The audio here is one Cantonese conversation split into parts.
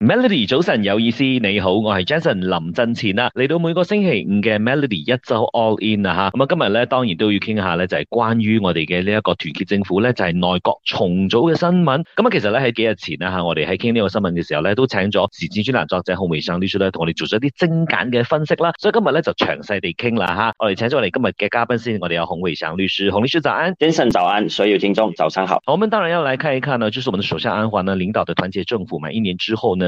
Melody，早晨有意思，你好，我係 Jason 林振前啦，嚟到每個星期五嘅 Melody 一周 All In 啦吓，咁啊今日咧當然都要傾下咧，就係、是、關於我哋嘅呢一個團結政府咧，就係、是、內閣重組嘅新聞。咁、嗯、啊，其實咧喺幾日前啦吓，我哋喺傾呢個新聞嘅時候咧，都請咗時政專欄作者孔維生律師咧，同我哋做咗一啲精簡嘅分析啦。所以今日咧就詳細地傾啦吓，我哋請咗我哋今日嘅嘉賓先，我哋有孔維生律師，孔律師洪早安，Jason 早安，所有聽眾早晨好。我們、嗯、當然要來看一看呢，就是我們的首相安華呢領導對團的團結政府，滿一年之後呢，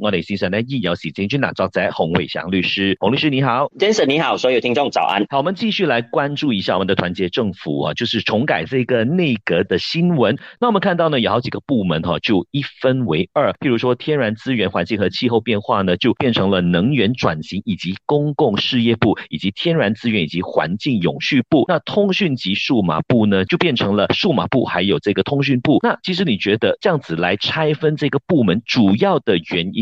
我哋先生呢，亦有喜間，今日坐者洪偉祥律師。洪律師你好，先生你好，所有聽眾早安。好，我們繼續來關注一下我們的團結政府啊，就是重改這個內閣的新聞。那我們看到呢，有好幾個部門哈、啊，就一分為二。譬如說，天然資源、環境和氣候變化呢，就變成了能源轉型以及公共事業部，以及天然資源以及環境永續部。那通訊及數碼部呢，就變成了數碼部，還有這個通訊部。那其實你覺得這樣子來拆分這個部門，主要的原因，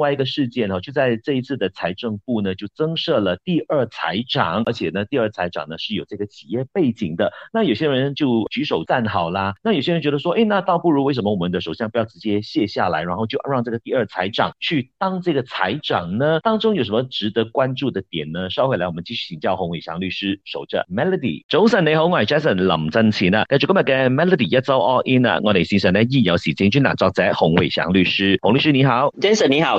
另外一個事件呢，就在這一次的財政部呢，就增設了第二財長，而且呢，第二財長呢是有這個企業背景的。那有些人就舉手贊好啦，那有些人覺得說，誒、欸，那倒不如為什麼我們的首相不要直接卸下來，然後就讓這個第二財長去當這個財長呢？當中有什麼值得關注的點呢？稍後來我們繼續請教洪偉祥律師守著 Melody，Jason 你好，我係 Jason 林振前呢，繼續今日嘅 Melody 一周 All In 啊，我哋先生呢，亦有時政專欄作者洪偉祥律師，洪律師你好，Jason 你好。